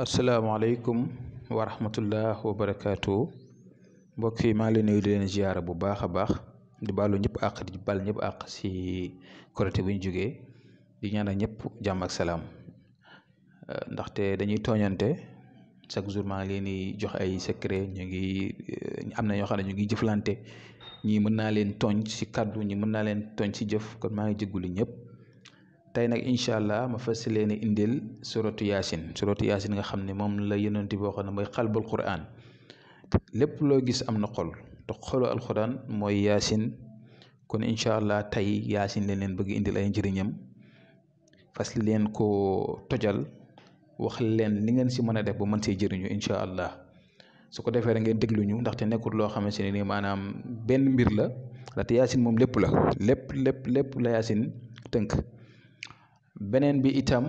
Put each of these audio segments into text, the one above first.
Assalamualaikum warahmatullahi wabarakatuh. mbokk yi ma nuyu di leen ziyaara bu baax a baax di balu ñëpp àq di bal ñëpp àq si korite bu ñu jógee di ñaanal ñëpp jàmm ak salaam euh, ndaxte dañuy tooñante chaque jour maa ngi leen di jox ay secret ñu ngi euh, am na ñoo xam ñu ngi jëflante ñii mën leen tooñ si kaddu ñi mën naa leen tooñ si jëf kon maa ngi jégalu ñëpp. tay nag incha allah ma fas indil suratu yaasin suratu yaasin nga xam ne moom la yonent bi waxoon ne mooy xalbul quran lépp loo gis am na xol te xolu alquran mooy kon incha allah tey yaasin leen leen bëgg indil ay njëriñam fas ko tojal wax leen li ngeen si mën a def ba mën see jëriñu incha allah su ko defee rek ngeen déglu ñu ndaxte nekkul loo xamante ne nii maanaam benn mbir la ndaxte yaasin moom lépp la lépp lépp lépp la yaasin tënk benen bi itam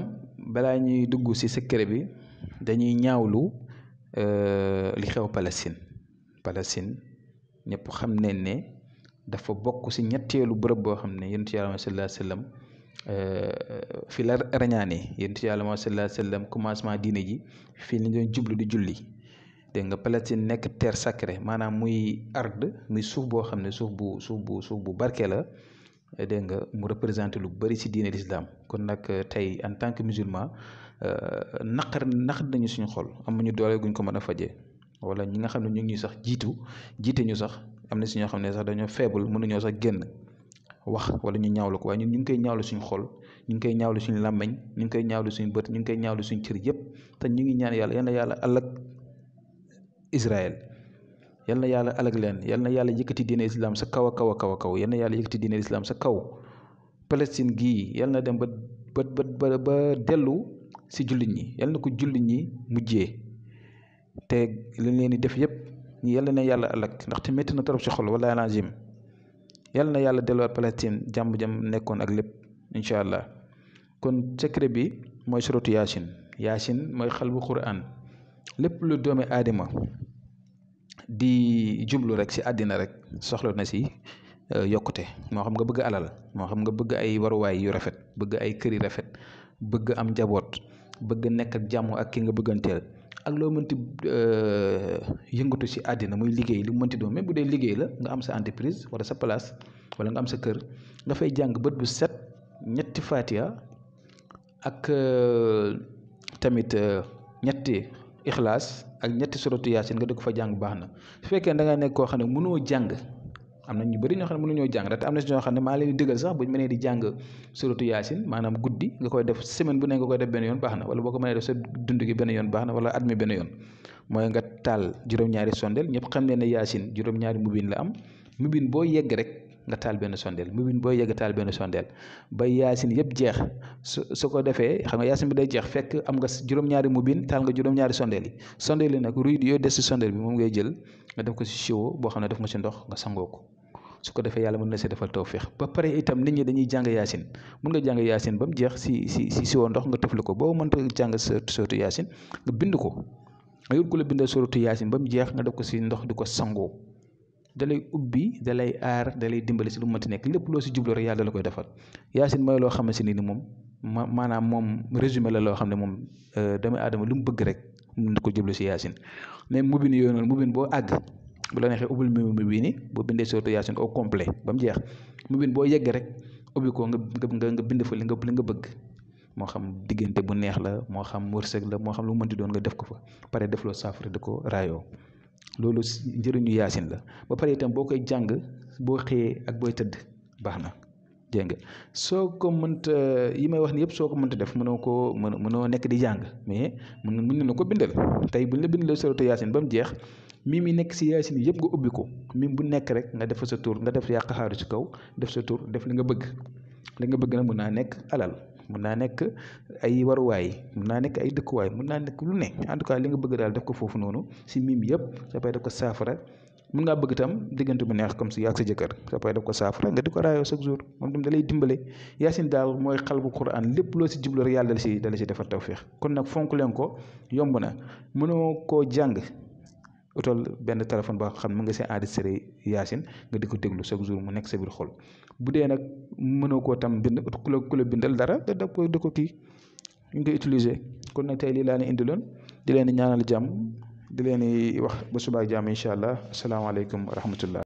balaa ñuy dugg ci secret bi dañuy ñaawlu euh, li xew Palestine Palestine ñëpp xam ne ne dafa bokk ci ñetteelu bërëb boo xam ne yonent yàlla sallallahu alayhi wasallam euh, fi la rañaane yonent yàlla sallallahu alayhi wasallam commencement diine ji doon jublu di julli dégg nga Palestine nekk terre sacrée maanaam muy ard, muy suuf boo xam ne suuf bu suuf bu suuf bu barke la Eh, dégg nga mu représenté lu bari ci diine l'islam kon nag euh, tey en tant que musulman euh, naqar naqar nañu suñu xol amuñu doole guñ ko mën a fajee wala ñi nga xam ne ñu ngi sax jiitu jiite ñu sax am na si ñoo xam ne sax dañoo faible mënuñoo sax génn wax wala ñu ñaawlu ko waaye ñun ñu ngi koy ñaawlu suñu xol ñu ngi koy ñaawlu suñu làmmeñ ñu ngi koy ñaawlu suñu bët ñu ngi koy ñaawlu suñu cër yépp te ñu ngi ñaan yàlla yàlla alak Israël yal na yàlla alag len yal na islam sa kaw a kaw a kaw kaw yal islam sa kaw Palestine gii yal na dem ba ba ba ba delu, si jullit ñi yal na ko jullit ñi mujjee te liñ leen di def yépp ñu yal na yalla alag ndaxte métti na trop si xol wala yal na delu Palestine jam ak kon secret bi yashin suratu yaasin yaasin mooy xalbu quran lépp lu doomi adima di jublu rek ci adina rek soxlo na si euh, yokute mo xam nga bëgg alal mo xam nga bëgg ay waruwaay yu rafet bëgg ay këri rafet bëgg am jaboot bëgg nekk ak jamm ak ki nga bëggantel ak loo mënti euh, yëngutu si adina muy liggéey li mënti do même bu dé liggéey la nga am sa entreprise wala sa place wala nga am sa kër nga fay jang bëtt bu set ñetti fatiha ak euh, tamit ñetti ixlaas ak ñetti suratu yaasin nga di fa jàng baax na su fekkee da nga nekk koo xam ne mënoo jàng am na ñu bëri ñoo xam ne mënuñoo jàng te am na si ñoo xam ne maa leen di dëggal sax buñ mënee di jàng suratu maanaam guddi nga koy def semaine bu ne nga koy def benn yoon baax na wala boo ko mënee def sa dund gi benn yoon baax na wala at mi benn yoon mooy nga taal juróom-ñaari sondel ñëpp xam ne ne yaasin juróom-ñaari mubin la am mubin boo yegg rek nga taal benn sondeel win booy yegg taal benn sondeel ba yaasin yëpp jeex su su ko defee xam nga yaasin bi day jeex fekk am nga juróom-ñaari mubin taal nga juróom-ñaari sondeel yi sondeel yi nag ruy yoo des si sondeel bi moom ngay jël nga def ko si siwo boo xam ne def nga si ndox nga sangoo ko su ko defee yàlla mën na si defal fiix ba pare itam nit ñi dañuy jàng yaasin mun nga jàng yaasin ba mu jeex si si si siwo ndox nga tëfli ko boo mënta jàng sootu yaasin nga bind ko nga ko la bindal sootu yaasin ba mu jeex nga def ko si ndox di ko sangoo dalay ubbi dalay ar dalay dimbali ci lu mënti nek lepp lo si jublu rek yalla la koy defal yaasin lo loo ci ni mom manam mom moom résumé la lo xam mom moom euh, doomu lu mu bëgg rek ko jublu si yaasin mais mubin yonal mubin bo ag bu la nexé ubul mi ni bo bindé surtout yaasin au complet bam jeex mubin bo yegg rek ubbi ko nga nga nga bind fa li nga li nga bëgg mo xam digënté bu neex la mo xam wërsëg la mo xam lu mënti doon nga def ko fa pare defloo saafara di ko rayo Lulus njëriñu yasin la ba paré tam bokay jang bo boo ak boy tëdd baxna jeng dégg ko mënta wax ni ko def mëno ko mëno nek di jang mais mën mën na ko bindal tay buñ la bindalee suratu yasin bam jeex mii mi nekk si yaasin yëpp nga ubbi ko mim bu nek rek nga def sa tour nga def yaq xaaru ci kaw def sa tour def li nga bëgg li nga bëgg na mëna nek alal mun naa nekk ay waruwaay mun naa nekk ay dëkkuwaay mun naa nekk lu ne en tout cas li nga bëgg daal def ko foofu noonu si mim yëpp sapay def ko saafara mun ngaa bëgg itam diggante bu neex comme si yaag sa jëkkër sapay def ko saafara nga di ko raayoo chaque jour moom tam dalay dimbale yaasin daal mooy xal bu quran lépp loo si jublu rek yàlla dala si dala si defar tawféex kon nag fonk leen ko yomb na mënoo koo jàng utal benn téléphone boo xam ne mu nga see enregistré yaasin nga di ko déglu chaque jour mu nekk sa biir xol bu dee nag mënoo koo tam bind ku kulo ku bindal dara da da ko da ko kii nga utiliser kon nag tey lii laa ne loon di leen ñaanal jàmm di leen wax ba subaa jàmm incha allah asalaamaaleykum wa rahmatullah